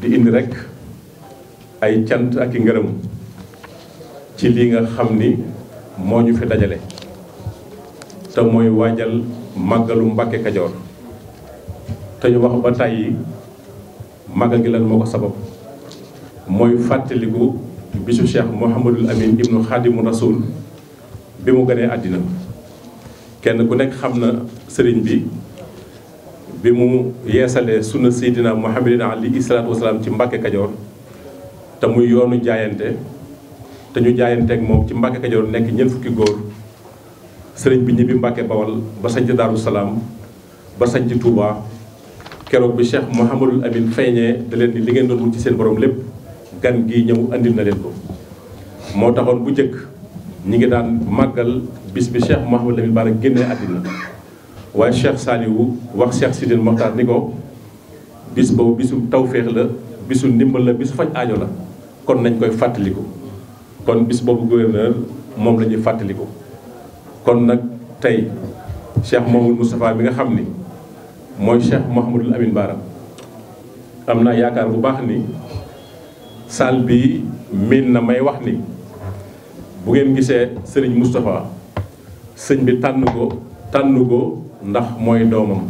di indi rek ay cant ak i ngërëm ci lii nga xam ni moo ñu fi dajale te mooy waajal màggalu Mbàkke Kajoor te ñu wax ba tàyyi màggal gi lan moo ko sabab mooy fàttaliku bisu Cheikh Mouhamadul Amin ibnu Xaadimu Rasul bi mu gënee àddina kenn ku nekk xam na sëriñ bi bi mu yeesalee sunna seydina muhammadin alayhi salaatu wasalaam ci mbàkke kajoor te muy yoonu jaayante te ñu jaayanteeg moom ci mbàkke kajoor nekk ñeent fukki góor sëriñ bi ñibbi mbàkke bawal ba sañc daaru salaam ba sañc tuuba keroog bi cheikh mouhamadul amin feeñee da leen ni li ngeen doon wut ci seen boroom lépp gan gi ñëw andil na leen ko moo taxoon bu njëkk ñi ngi daan màggal bis bi cheikh mouhamadul amin baara génnee àddina waaye Cheikh Saliou wax Cheikh Sidil Mokhtar ni ko bis boobu bisu tawféex la bisu ndimbal la bisu faj aajo la kon nañ koy fàttaliku kon bis boobu gouverneur moom lañuy ñuy fàttaliku kon nag tey Cheikh Mamadou Moustapha bi nga xam ni mooy Cheikh Mouhamadul Amin Baara am na yaakaar bu baax ni salle bi miin na may wax ni bu ngeen gisee sëriñ Moustapha sëñ bi tànn ko tànn ko ndax mooy doomam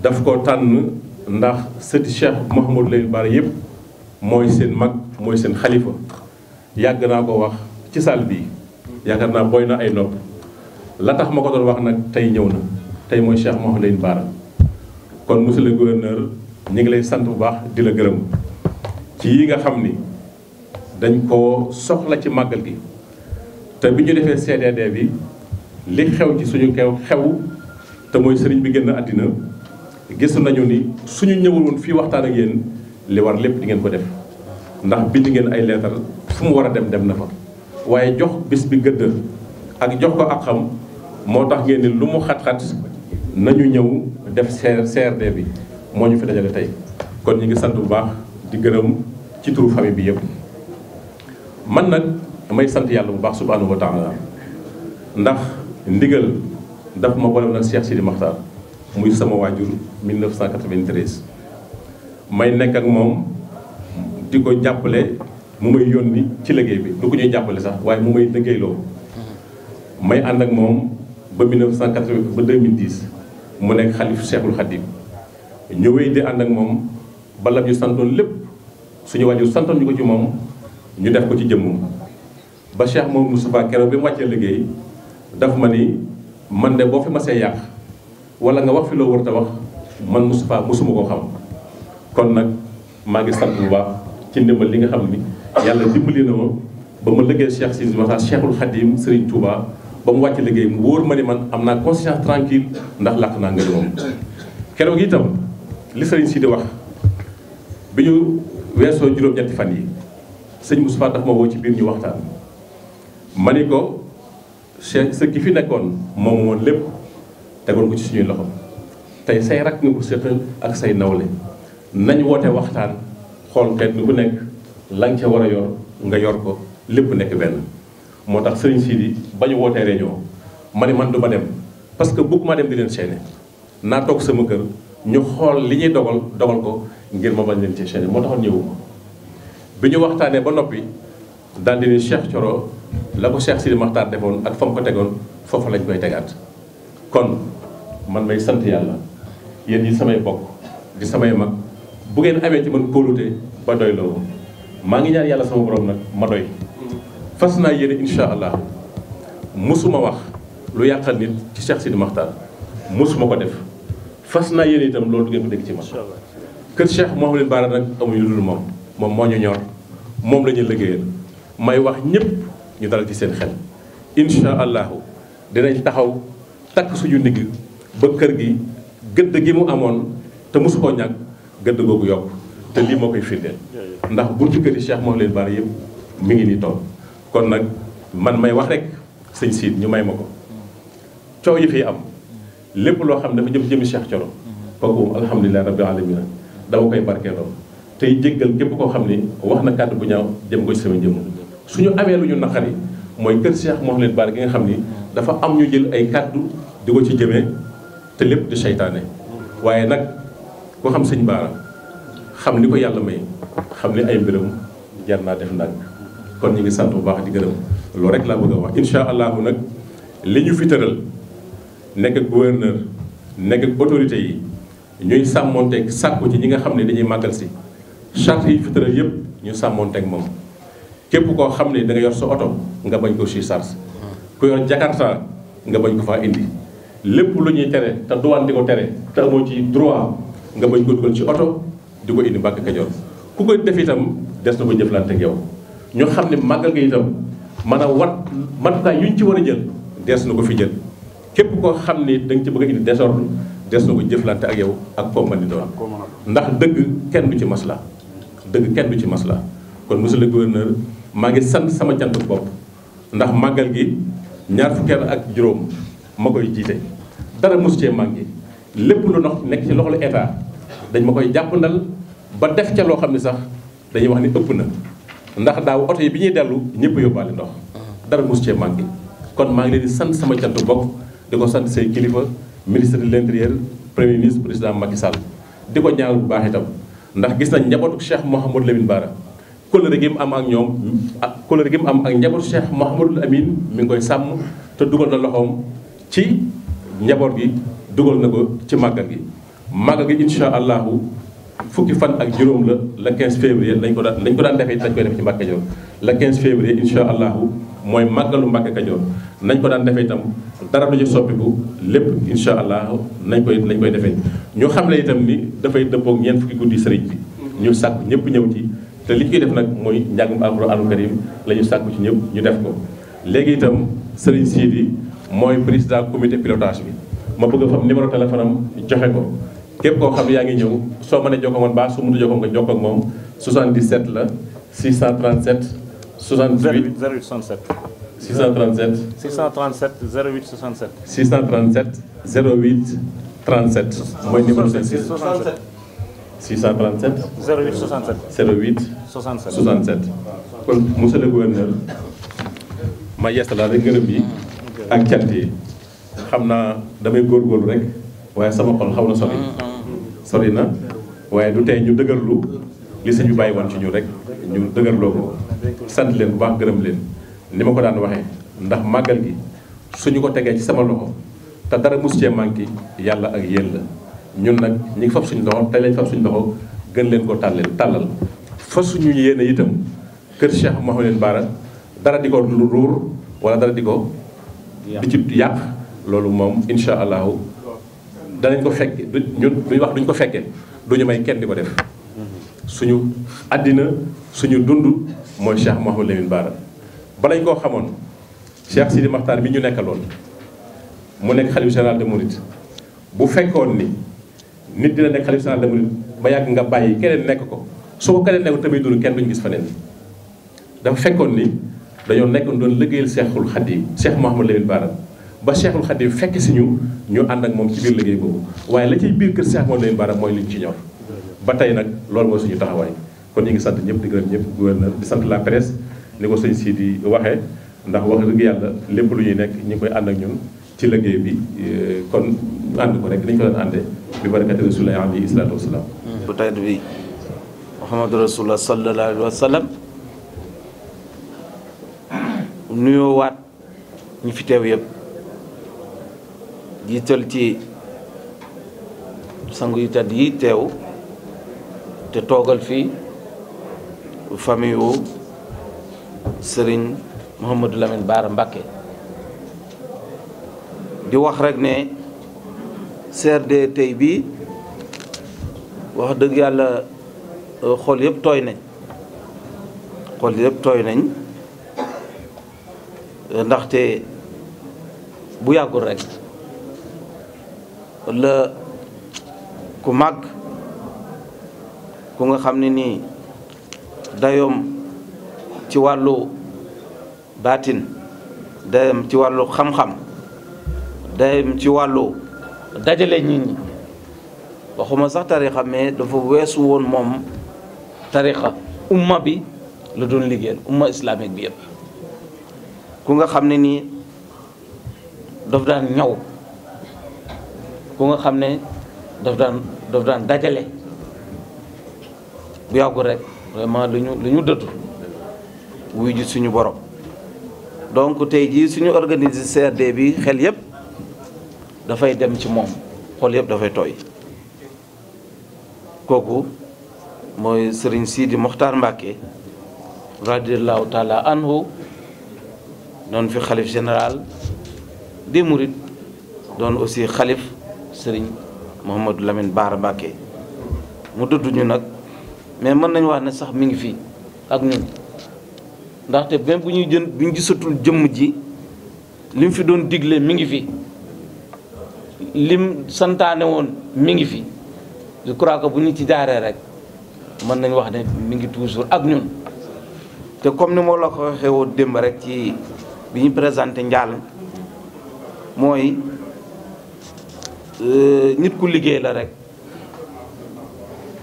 daf ko tànn ndax sëti cheikh Mouhamadou Lamine Bara yëpp mooy seen mag mooy seen xalifa yàgg naa ko wax ci salle bi yaakaar naa booy na ay nopp la tax ma ko doon wax nag tey ñëw na tey mooy cheikh Mouhamadou Lamine Bara kon monsieur la gouverneur ñu ngi lay sant bu baax di la gërëm ci yi nga xam ni dañ ko soxla ci màggal gi te bi ñu defee CDD bi li xew ci suñu kew xew te mooy sëriñ bi génn àddina gis nañu ni suñu ñëwul woon fii waxtaan ak yéen li war lépp di ngeen ko def ndax bind ngeen ay leetar fu mu war a dem dem na fa waaye jox bis bi gëdd ak jox ko ak xam moo tax ngeen ni lu mu xat-xat nañu ñëw def CRD bi moo ñu fi dajale tey kon ñu ngi sant bu baax di gërëm ci turu famille bi yëpp man nag may sant yàlla bu baax subhanahu ko taala ndax ndigal daf ma boole nag Cheikh Sidi Makhtar muy sama waajur 1993 may nekk ak moom di ko jàppale mu may yónni ci liggéey bi du ko ñuy jàppale sax waaye mu may liggéeyloo may ànd ak moom ba 1980 ba 2010 mu nekk xalif Cheikhul Khadim ñëwee di ànd ak moom balab ñu santoon lépp suñu waajur santoon ñu ko ci moom ñu def ko ci jëmmam ba Cheikh moom Moustapha keroog bi mu wàccee liggéey daf ma ni. man de boo fi masee yàq wala nga wax fi loo war wax man Moustapha mosuma koo xam kon nag maa ngi sant bu li nga xam ni yàlla dimbali na ma ma liggéey Cheikh Sidi Moussa Cheikhul Khadim Touba ba mu wàcc liggéey mu ma ni man am naa conscience tranquille ndax làq naa nga moom keroog itam li Serigne Sidi wax bi ñu weesoo juróom-ñetti fan yi sëñ Moustapha daf ma woo ci biir ñu waxtaan ma ni ko ce ce ki fi nekkoon moom woon lépp tegoon ko ci suñuy loxo tey say rakk nga ko seqal ak say nawle nañ woote waxtaan xool kenn bu nekk la nga ca war a yor nga yor ko lépp nekk benn. moo tax Serigne Sidi ba ñu wootee réunion ma ne man du ma dem parce que bëgg maa dem di leen seene naa toog sama kër ñu xool li ñuy dogal dogal ko ngir ma bañ leen ci seene moo taxoon ñëwuma bi ñu waxtaanee ba noppi. daal di ne Cheikh Thioro la ko Cheikh Sidi defoon ak fa mu ko tegoon foofu lañ koy tegaat kon man may sant yàlla yéen yi samay bokk di samay mag bu ngeen amee ci man kóolute ba doy loo maa ngi ñaan yàlla sama borom nag ma doy naa yéene insha allah musuma wax lu yàqal nit ci Cheikh Sidi Maxtaar ko def fas naa yéene itam loolu du ngeen ci man kër Cheikh Mouhamadou Bara nag amuñu lu dul moom moom moo ñu ñor moom la ñuy liggéeyal may wax ñépp ñu dal ci seen xel incha allahu dinañ taxaw takk suñu ndigg ba kër gi gëdd gi mu amoon te mosu koo ñàkk gëdd googu yokk te lii moo koy firndeel ndax buntu kër yi Cheikh moom leen bari yëpp mi ngi nii toog kon nag man may wax rek sëñ siit ñu may ma ko coow yi fi am lépp loo xam ne dafa jëm jëmi Cheikh Thioro kooku moom alhamdulilah rabbil alamin dama koy barkeeloo tey jéggal képp koo xam ni wax na kàddu bu ñaaw jëm ko ci sama jëmm su ñu amee lu ñu naqari mooy kër Cheikh Mouhamed Bara gi nga xam ni dafa am ñu jël ay kàddu di ko ci jëmee te lépp di seytaane waaye nag ku xam sëñ Bara xam ni ko yàlla may xam ni ay mbiram jar naa def nag kon ñu ngi sant bu baax di gërëm loolu rek laa bëgg a wax incha allahu nag li ñu fi tëral nekk ak gouverneur nekk ak autorité yi ñuy sàmmonteeg sàkku ci ñi nga xam ne dañuy màggal si charte yi fi tëral yëpp ñu sàmmonteeg moom képp koo xam ne da nga yor sa oto nga bañ ko surcharge ku yor jakarta nga bañ ko faa indi lépp lu ñuy tere te duwaan di ko tere te amoo ci droit nga bañ ko dugal ci oto di ko indi Mbàkke Kajoor ku koy def itam des na ko jëflante ak yow ñu xam ne màggal nga itam man a wat matukaay yu ñu ci war a jël des na ko fi jël képp koo xam ne da nga ci bëgg a indi désordre des na ko jëflante ak yow ak koo mën di doon ndax dëgg kenn du ci masla dëgg kenn du ci masla kon monsieur le gouverneur maa ngi sant sama cant bopp ndax màggal gi ñaar fukki ak juróom ma koy jiite dara mosu cee manqué lépp lu nox nekk ci loxol état dañ ma koy jàppandal ba def ca loo xam ne sax dañuy wax ni ëpp na ndax daaw oto yi bi ñuy dellu ñëpp yóbbaale ndox dara mosu cee manqué kon maa ngi leen di sant sama jant bopp di ko sant say kilifa ministre de l'intérieur premier ministre président Macky Sall di ko ñaanal bu baax itam ndax gis nañ njabootu Cheikh Mouhamadou Lamine Bara kóllëre gi mu am ak ñoom ak kóllëre gi mu am ak njaboot Cheikh Mouhamadul Amine mi ngi koy sàmm te dugal na loxoom ci njaboot gi dugal na ko ci màggal gi. màggal gi incha allahu fukki fan ak juróom la la 15 février lañ ko daan lañ ko daan defee dañ koy def ci Mbàkke Kajoor le 15 février mooy màggalu Mbàkke Kajoor nañ ko daan defee itam dara du ci soppiku lépp incha allahu nañ koy nañ koy defee. ñu xam ne itam ni dafay dëppoog ñeent fukki guddi sëriñ bi ñu sàkk ñëpp ñëw ci. te li ñu koy def nag mooy njàngum alxuraanul karim la ñu sàkku ci ñëpp ñu def ko léegi itam Serigne Sidi mooy président comité pilotage bi ma bëgg a fam numéro téléphone joxe ko képp koo xam yaa ngi ñëw soo mënee jokkoo man baax su mënut a jokkoo nga jokkoo ak moom 77 la 637 68 0867 637 637 0867 637 08 37 mooy numéro 67 637. 08 67. 08. 67 67. kon monsieur le gouverneur ma yeesalaat rek ngërëm yi ak cant yi xam naa damay góorgóorlu rek waaye sama xol xaw na sori. Mm, mm. sori na waaye du tey ñu dëgërlu li suñu bi bàyyi woon ci ñu rek ñu dëgërloo ko sant leen bu baax gërëm leen li ma ko daan waxee ndax màggal gi suñu ko tegee ci sama loxo te dara mus cee yi yàlla ak yéen la. ñun nag ñi ngi fab suñu loxo tey lañ fab suñu loxo gën leen ko tàllal tàllal fa suñu yéene itam kër Cheikh leen Bara dara di ko lu ruur wala dara di ko di ci yàq loolu moom insha allahu danañ ko fekke du ñun duñ wax duñ ko fekkee duñu may kenn di ko def suñu àddina suñu dund mooy moo Mouhamadou Lamine Bara balañ koo xamoon Cheikh Sidi Makhtar bi ñu nekkaloon mu nekk xalifa général de Mouride bu fekkoon ni nit dina nekk xalifa général des mourides ba yàgg nga bàyyi keneen nekk ko su ko keneen nekk tamit dund kenn duñu gis feneen dafa fekkoon ni dañoo nekkoon doon liggéeyal Seexul Xadiim Seex Muhammad Lamin Baara ba Seexul yi fekk si ñu ñu ànd ak moom ci biir liggéey boobu waaye la ciy biir kër Seex Muhammad Lamin Baara mooy liñ ci ñor ba tey nag loolu mooy ñu taxawaay kon ñu ngi sant ñëpp di gërëm ñëpp gouverneur di sant la presse ni ko sëñ si di waxee ndax wax dëgg yàlla lépp lu ñuy nekk ñu ànd ak ñun ci liggéey bi euh, kon ñu ànd ko rek dañ ko doon àndee bi barakati rasulillah alayhi salaatu wasalaam bu tedd bi Muhammadu rasulullah sallallahu alayhi wa waat ñi fi teew yëpp jiital ci sang yu tedd yi teew te toogal fi famille wu Serigne Mouhamadou Lamine Bara di wax rek ne CRD tey bii wax dëgg yàlla euh, xool yëpp tooy nañ xool yëpp tooy nañ euh, ndaxte bu yàggul rekk la ku màgg ku nga xam ne nii dayoom ci wàllu baatin dayoom ci wàllu xam-xam day ci wàllu dajale nit ñi waxuma sax tarixa mais dafa weesu woon moom tarixa umma bi la doon liggéeyal umma islamique bi yëpp ku nga xam ne nii daf daan ñaw ku nga xam ne daf daan daf daan dajale bu yàggu rek vraiment lu ñu lu ñu dëddu wuy ji suñu boroom donc tey jii suñu organiser CRD bi xel yëpp dafay dem ci moom xol yëpp dafay tooy kooku mooy sëriñ Sidi Mokhtar Mbacke radiallahu taala anhu doon fi xalif général des Mourides doon aussi xalif sëriñ Mouhamadou Lamine Baara Mbacke mu dudd nag mais mën nañ wax ne sax mi ngi fi ak ñun ndaxte même bu ñuy jën bu ñu gisatul jëmm ji li mu fi doon digle mi ngi fi lim santaane woon mi ngi fi je crois que bu ñu ci jaaree rek mën nañ wax ne mi ngi toujours ak ñun te comme ni moo la ko waxee woon rek ci bi ñu présenté njaal mooy euh, nit ku liggéey la rek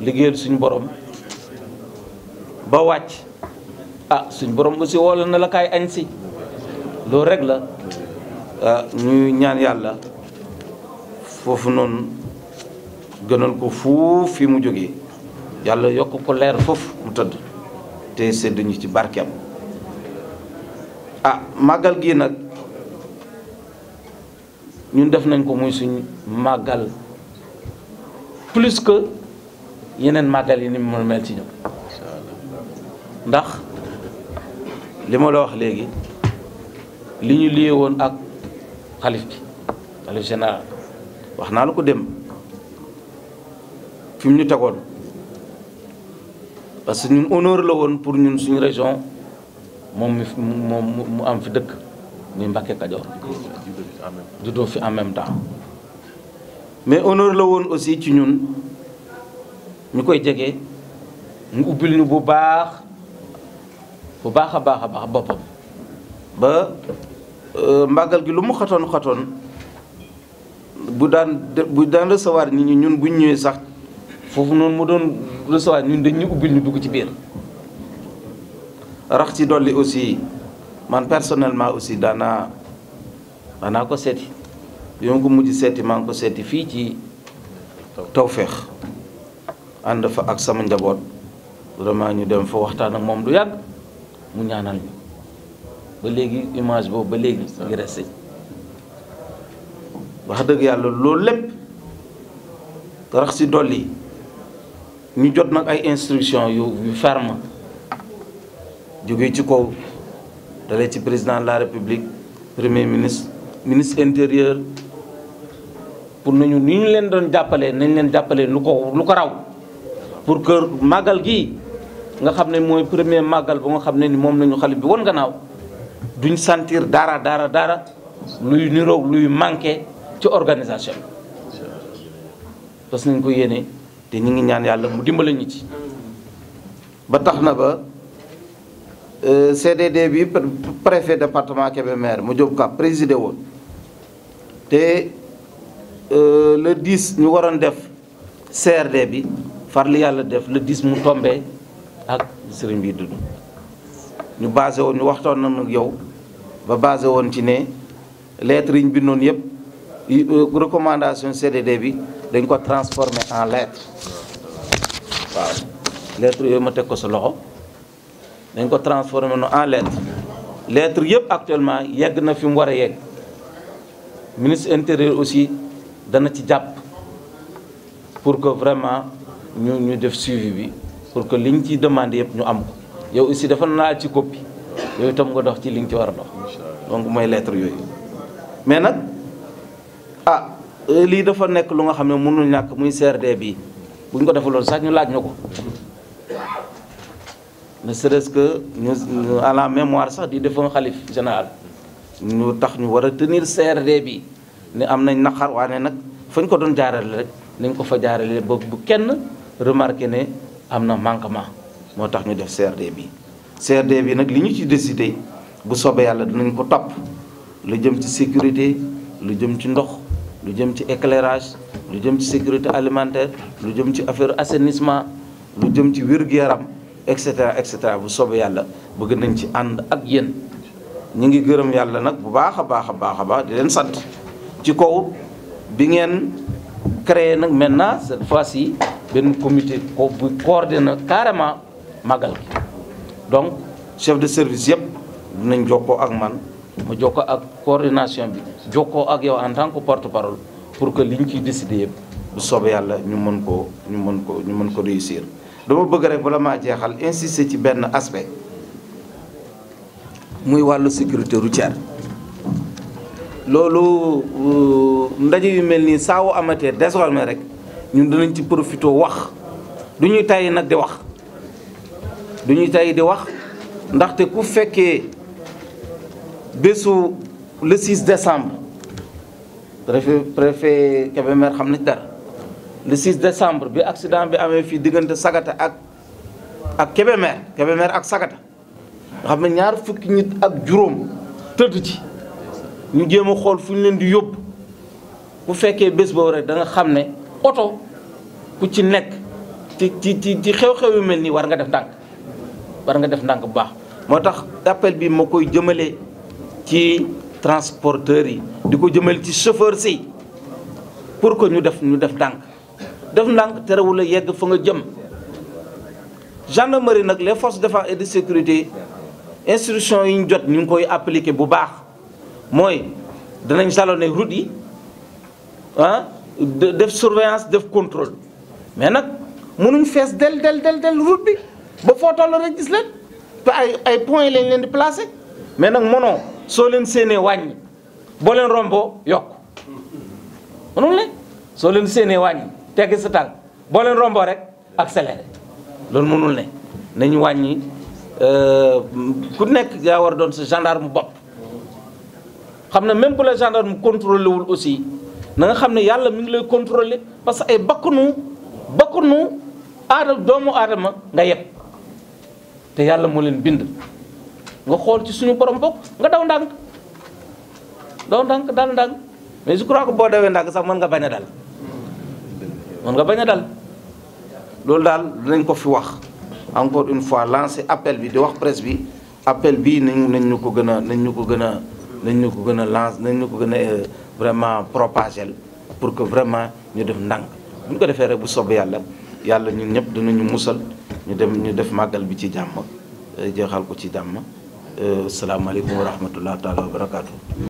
liggéeyal suñ boroom ba wàcc ah suñu borom aussi woola na la kaay añ si loolu rek la ah, ñuy ñaan yàlla foofu noonu gënal ko fuuf mu jóge yàlla yokk ko leer foofu mu tëdd te sedd ñu ci barkeem ah màggal gii nag ñun def nañ ko muy suñ màggal plus que yeneen màggal yi ni mu mel ci ñoom ndax li ma la wax léegi li ñu liyee woon ak xalif bi xalif général wax naa la ko dem fi mu ñu tegoon parce que ñun honneur la woon pour ñun suñu région moom mi mu am fi dëkk muy Mbàkke Kajoor juddoo fi en même temps mais honneur la woon aussi ci ñun ñu koy jege mu ubbil ñu bu baax bu baax a baax a baax boppam ba euh, màggal gi lu mu xatoon xatoon bu daan bu daan recevoir nit ñi ñun bu ñu ñëwee sax foofu noonu mu doon recevoir ñun dañ ñu ubbil ñu dugg ci biir. rax ci dolli aussi man personnellement aussi daanaa daanaa ko seeti yow ko mujj seeti maa ngi ko seeti fii ci tawféex ànd fa ak sama njaboot vraiment ñu dem fa waxtaan ak moom du yàgg mu ñaanal ñu ba léegi image boobu ba léegi ngi resté wax dëgg yàlla loolu lépp rax ci dolli ñu jot nag ay instruction yu yu ferme jóge ci kaw dalee ci président de la république premier ministre ministre intérieur pour nañu ni ñu leen doon jàppale nañ leen jàppale lu ko lu ko raw pour kër màggal gi nga xam ne mooy premier màggal bu nga xam ne ni moom nañu xalif bi woon gannaaw duñ sentir dara dara dara luy niroog luy manqué ci organisation parce que nañ ko yéene te ñu ngi ñaan yàlla mu dimbale ñu ci ba tax na ba euh, CDD bi préfet département Kébémer mu Diop Ka présider woon te euh, le 10 ñu waroon def CRD bi far li yàlla def le 10 mu tombé ak sëriñ bi dudd ñu basé woon ñu waxtoon nañu ak yow ba basé woon ci ne lettre yi ñu bindoon yëpp. Euh, recommandation CDD bi dañ ko transformé en lettre waaw lettre yooyu ma teg ko sa loxo dañ ko transformé nu en lettre lettre yëpp actuellement yegg na fi mu war a yegg ministre intérieur aussi dana ci jàpp pour que vraiment ñu ñu def suivi bi pour que liñ ciy demandé yëpp ñu am ko yow aussi dafa naa ci copie yooyu tam nga dox ci li nga ci war a dox donc mooy lettre yooyu mais nag Euh, lii dafa nekk lu nga xam ne mënul ñàkk muy CRD bii bu ñu ko defaloon sax ñu laaj ñu ko ne serait-ce que ñu à la tax ñu war a tenir CRD bi ni am nañ naqar waane nag fañ ko doon jaarale rek nañ ko fa jaarale ba bu kenn remarqué ne am na manquement moo tax ñu def CRD bi CRD bi nag li ñu ci décidé bu soobee yàlla dinañ ko topp lu jëm ci sécurité lu jëm ci ndox lu jëm ci éclairage lu jëm ci sécurité alimentaire lu jëm ci affaire assainissement lu jëm ci wér-gu-yaram et cetera et cetera bu soobee yàlla bëgg nañ ci ànd ak yéen ñu ngi gërëm yàlla nag bu baax a baax a baax a baax di leen sant ci kaw bi ngeen créé nag maintenant cette fois-ci benn comité ko bu coordonné carrément magal donc chef de service yëpp dinañ jokkoo ak man mu ko ak coordination bi jokkoo ak yow en tant que porte parole pour que li ñu ciy décider yëpp bu soobee yàlla ñu mën koo ñu mën ko ñu mën ko réussir. dama bëgg rek bala maa jeexal insister ci benn aspect muy wàllu sécurité routière loolu euh, ndaje yu mel nii saawu amatee désormais rek ñun dinañ ci profité wax du ñuy tàyyi nag di wax du ñuy tàyyi di wax ndaxte ku fekkee. bésu le 6 décembre préfet préfet Kébémer xam na ci le 6 décembre bi accident bi amee fii diggante Sagata ak ak Kébémer ak Sagata nga xam ne ñaar fukki nit ak juróom tëdd ci ñu jéem a xool fu ñu leen di yóbbu bu fekkee bés boobu rek da nga xam ne oto ku ci nekk ci ci ci ci xew-xew yu mel nii war nga def ndànk war nga def ndànk bu baax moo tax appel bi moo koy jëmalee ci transporteurs yi di ko jëmale ci chauffeur si pour que ñu def ñu def tànk def ndànk terewul a yegg fa nga jëm gendarmerie nag les forces de défense et de sécurité instruction yi ñu jot ñu ngi koy appliquer bu baax mooy danañ jalonné route yi ah def surveillance def contrôle mais nag mënuñ fees del del del del route bi ba foo toll rek gis leen ay ay points lañ leen di placer mais nag mënoo. soo leen séenee wàññi boo rombo romboo yokk mënul ne soo leen séenee wàññi tegg sa tànk boo leen romboo rek accéléré loolu mënul ne nañu wàññi euh, ku nekk yaa war doon sa mu bopp xam na même bu la gendarme contrôlé wul aussi nanga nga xam ne yàlla mi ngi lay contrôlé parce que ay bakkanu bakkanu aadama doomu aadama nga yeb te yàlla moo leen bind nga xool ci suñu borom bopp nga daw ndànk daw ndànk dal ndànk mais je crois que boo dawee ndànk sax mën nga bañ a dal mën nga bañ a dal loolu daal dinañ ko fi wax encore une fois lancé appel bi di wax presse bi appel bi nañ nañ ñu ko gën a nañ ñu ko gën a nañ ñu ko gën a lance nañ ñu ko gën a euh, vraiment propager pour que vraiment ñu def ndànk bu ñu ko defee rek bu sob yàlla yàlla ñun ñëpp dinañu musal ñu dem ñu def màggal bi ci jàmm euh, jeexal ko ci jàmm Euh, salaamaaleykum wa rahmatulah taalaa wa barakaatu.